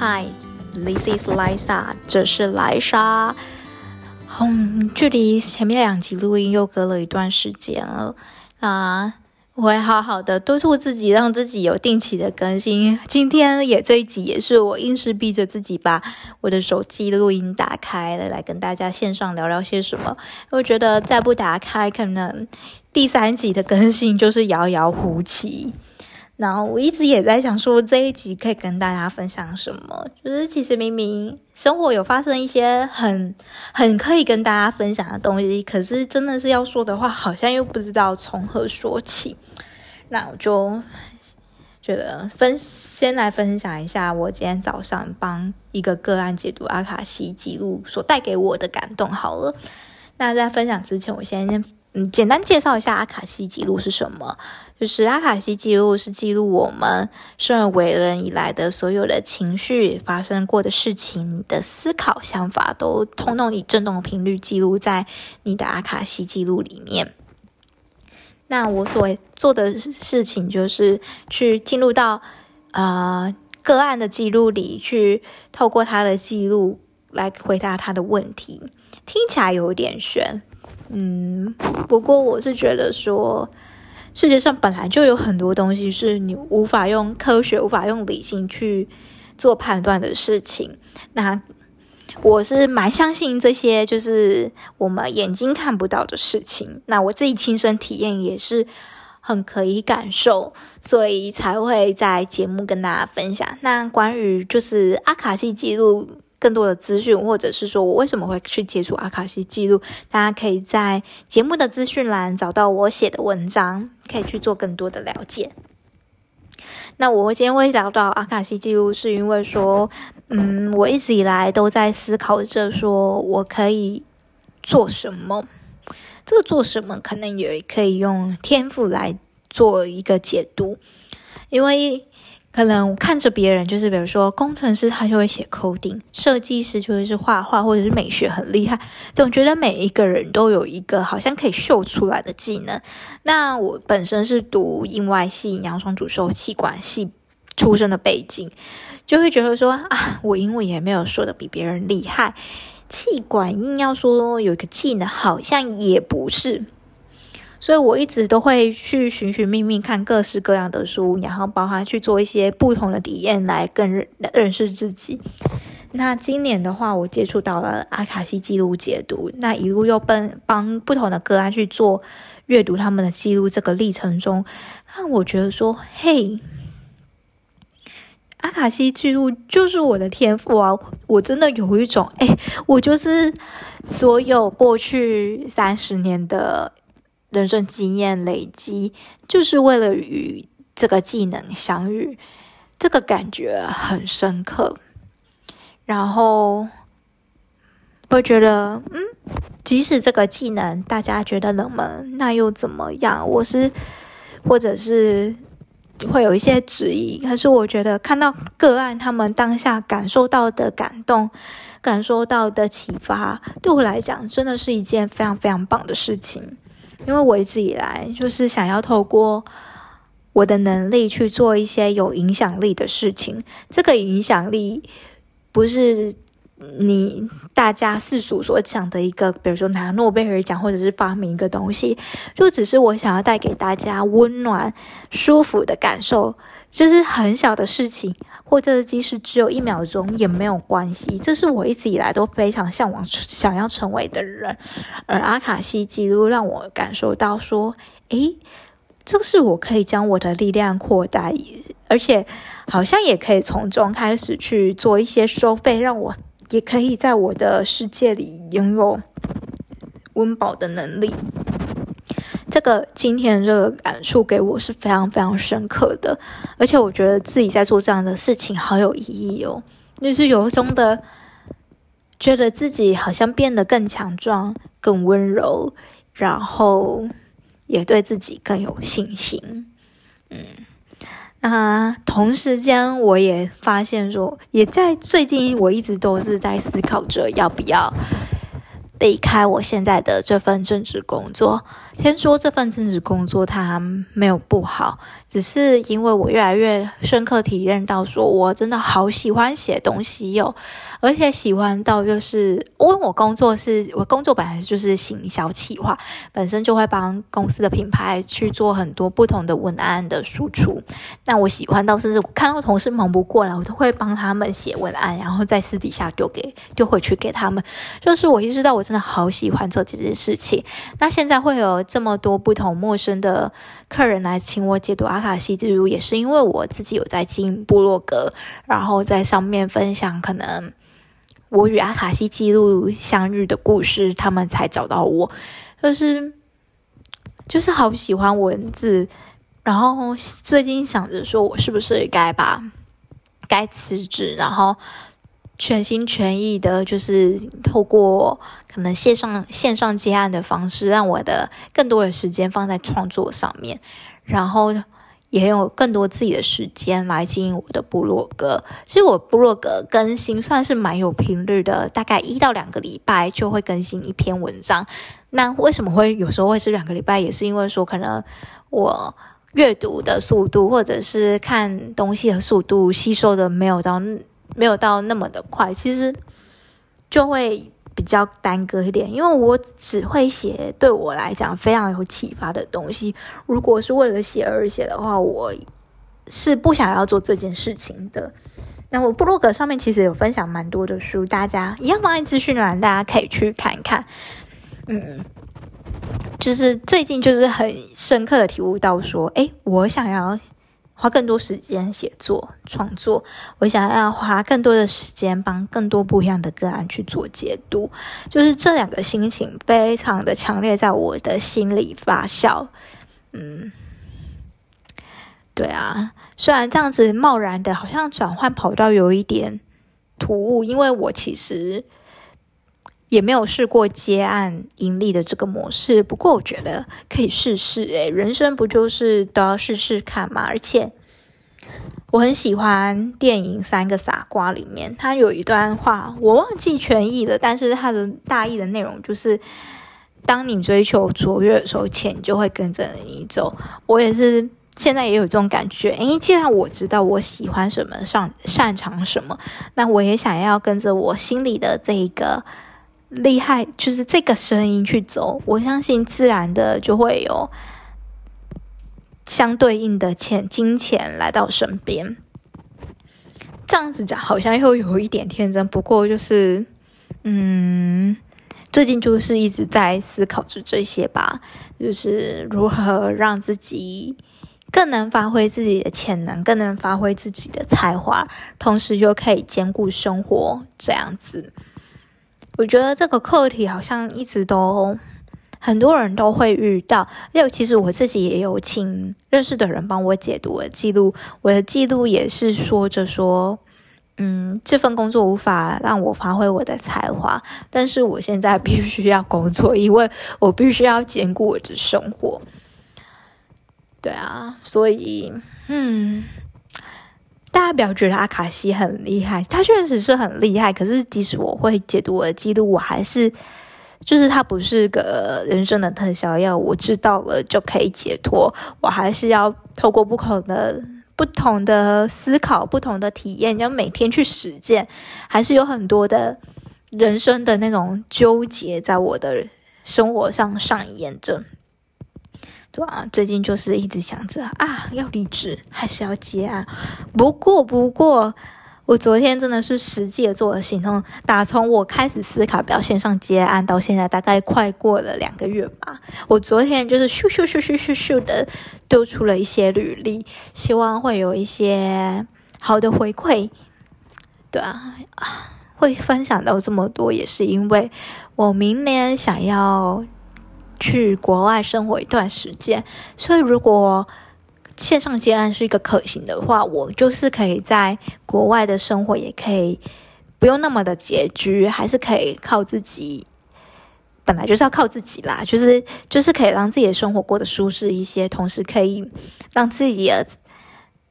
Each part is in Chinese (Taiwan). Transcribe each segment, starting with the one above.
Hi，this is Liza 這是萊莎。嗯，距離前面兩集錄音又隔了一段時間了啊！我會好好的督促自己，讓自己有定期的更新。今天也這一集也是我硬是逼着自己把我的手機錄音打開了，來跟大家線上聊聊些什麼。我覺得再不打開，可能第三集的更新就是遙遙無期。然後我一直也在想說，這一集可以跟大家分享什麼？就是其實明明生活有發生一些很很可以跟大家分享的東西，可是真的是要說的話，好像又不知道從何說起。那我就覺得分先來分享一下，我今天早上幫一個個案解讀阿卡西記錄所帶給我的感動好了。那在分享之前，我先先。嗯，簡單介紹一下阿卡西記錄是什麼？就是阿卡西記錄是記錄我們生而為人以來的所有的情緒、發生過的事情、你的思考、想法，都通通以振動頻率記錄在你的阿卡西記錄裡面。那我所做的事情就是去進入到呃個案的記錄裡，去透過他的記錄來回答他的問題，聽起來有點玄。嗯，不過我是覺得說，世界上本來就有很多東西是你無法用科學、無法用理性去做判斷的事情。那我是蠻相信這些，就是我們眼睛看不到的事情。那我自己親身體驗也是很可以感受，所以才會在節目跟大家分享。那關於就是阿卡西紀錄。更多的資訊，或者是說我為什麼會去接觸阿卡西記錄，大家可以在節目的資訊欄找到我寫的文章，可以去做更多的了解。那我今天會聊到阿卡西記錄，是因為說，嗯，我一直以來都在思考着說我可以做什麼。這個做什麼，可能也可以用天賦來做一個解讀，因為。可能看着別人，就是比如說工程師，他就會寫 coding；設計師就會是畫畫，或者是美學很厲害。總覺得每一個人都有一個好像可以秀出來的技能。那我本身是讀應外系、雙主修企管系出身的背景，就會覺得說啊，我英文也沒有說得比別人厲害，企管硬要說有一個技能，好像也不是。所以，我一直都會去尋尋覓覓，看各式各樣的書，然後包含去做一些不同的體驗，來更認，認識自己。那今年的話，我接觸到了阿卡西記錄解讀，那一路又奔，幫不同的個案去做閱讀他們的記錄，這個歷程中，讓我覺得說：“嘿，阿卡西記錄就是我的天賦啊！”我真的有一種，哎，我就是所有過去三十年的。人生經驗累積，就是為了與這個技能相遇，這個感覺很深刻。然後，我會覺得，嗯，即使這個技能大家覺得冷門，那又怎麼樣？我是，或者是會有一些質疑，可是我覺得看到個案他們當下感受到的感動，感受到的啟發，對我來講，真的是一件非常非常棒的事情。因為我一直以來就是想要透過我的能力去做一些有影響力的事情。這個影響力不是你大家世俗所講的一個，比如說拿諾貝爾獎或者是發明一個東西，就只是我想要帶給大家溫暖、舒服的感受，就是很小的事情。或者即使只有一秒鐘也沒有關係，這是我一直以來都非常向往、想要成為的人。而阿卡西記錄讓我感受到說：“欸，這是我可以將我的力量擴大，而且好像也可以從中開始去做一些收費，讓我也可以在我的世界裡擁有溫飽的能力。”這個今天這個感觸給我是非常非常深刻的，而且我覺得自己在做這樣的事情好有意義哦，就是由衷的覺得自己好像變得更強壯、更溫柔，然後也對自己更有信心。嗯，那同時間我也發現說，也在最近我一直都是在思考着要不要離開我現在的這份正職工作。先說這份正職工作，它沒有不好，只是因為我越來越深刻體驗到，說我真的好喜歡寫東西喲，而且喜歡到就是，因為我工作是我工作本來就是行銷企劃，本身就會幫公司的品牌去做很多不同的文案的輸出，那我喜歡到甚至看到同事忙不過來，我都會幫他們寫文案，然後在私底下丟給丟回去給他們，就是我意識到我真的好喜歡做這件事情，那現在會有。這麼多不同陌生的客人來請我解讀阿卡西記錄，也是因為我自己有在經營部落格，然後在上面分享可能我與阿卡西記錄相遇的故事，他們才找到我。就是就是好喜歡文字，然後最近想着說我是不是該把該辭職，然後全心全意的，就是透過可能線上線上接案的方式，讓我的更多的時間放在創作上面，然後也有更多自己的時間來經營我的部落格。其實我部落格更新算是蠻有頻率的，大概一到兩個禮拜就會更新一篇文章。那為什麼會有時候會是兩個禮拜？也是因為說可能我閱讀的速度或者是看東西的速度吸收的沒有到。沒有到那麼的快，其實就會比較耽擱一點，因為我只會寫對我來講非常有啟發的東西。如果是為了寫而寫的話，我是不想要做這件事情的。那我部落格上面其實有分享蠻多的書，大家一樣放在資訊欄，大家可以去看一看。嗯，就是最近就是很深刻的體悟到說，哎，我想要。花更多時間寫作創作，我想要花更多的時間幫更多不一樣的個案去做解讀，就是這兩個心情非常的強烈，在我的心裡發酵。嗯，對啊，雖然這樣子貿然的，好像轉換跑道有一點突兀，因為我其實。也沒有試過接案盈利的這個模式，不過我覺得可以試試誒，人生不就是都要試試看嗎？而且我很喜歡電影《三個傻瓜》裡面，他有一段話我忘記全意了，但是它的大意的內容就是：當你追求卓越的時候，錢就會跟着你走。我也是現在也有這種感覺，因為既然我知道我喜歡什麼，上擅，擅長什麼，那我也想要跟着我心裡的這一個。厲害，就是這個聲音去走，我相信自然的就會有相對應的錢、金錢來到身邊。這樣子講好像又有一點天真，不過就是，嗯，最近就是一直在思考着這些吧，就是如何讓自己更能發揮自己的潛能，更能發揮自己的才華，同時又可以兼顧生活，這樣子。我覺得這個課題好像一直都很多人都會遇到，因為其實我自己也有請認識的人幫我解讀我的記錄，我的記錄也是說着說，嗯，這份工作無法讓我發揮我的才華，但是我現在必須要工作，因為我必須要兼顧我的生活。對啊，所以，嗯。大家不要覺得阿卡西很厲害，他確實是很厲害。可是即使我會解讀我的記錄，我還是就是他不是個人生的特效藥，我知道了就可以解脫。我還是要透過不同的、不同的思考、不同的體驗，就每天去實踐，還是有很多的人生的那種糾結在我的生活上上演着。最近就是一直想着啊，要離職還是要接案？不過不過，我昨天真的是實際的做了行動。打從我開始思考，表現上接案到現在，大概快過了兩個月吧。我昨天就是咻咻咻咻咻咻的丟出了一些履歷，希望會有一些好的回饋。對啊，啊，會分享到這麼多，也是因為我明年想要。去國外生活一段時間，所以如果線上接案是一個可行的話，我就是可以在國外的生活，也可以不用那麼的拮據，還是可以靠自己。本來就是要靠自己啦，就是就是可以讓自己的生活過得舒適一些，同時可以讓自己的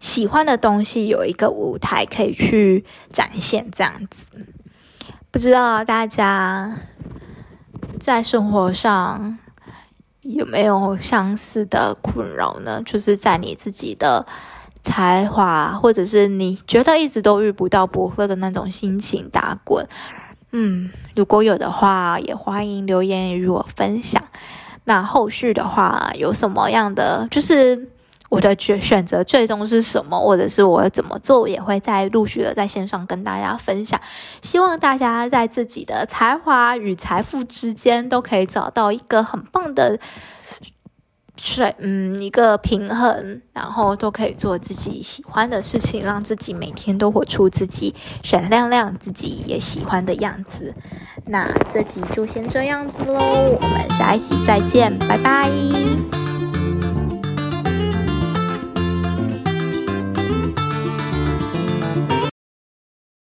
喜歡的東西有一個舞台可以去展現。這樣子，不知道大家在生活上，有沒有相似的困擾呢？就是在你自己的才華，或者是你覺得一直都遇不到伯樂的那種心情打滾。嗯，如果有的話，也歡迎留言與我分享。那後續的話，有什麼樣的，就是，我的決選擇最終是什麼，或者是我怎麼做，也會在陸續的在線上跟大家分享。希望大家在自己的才華與財富之間，都可以找到一個很棒的水，嗯，一個平衡，然後都可以做自己喜歡的事情，讓自己每天都活出自己閃亮亮，自己也喜歡的樣子。那這集就先這樣子嘍，我們下一集再見，拜拜。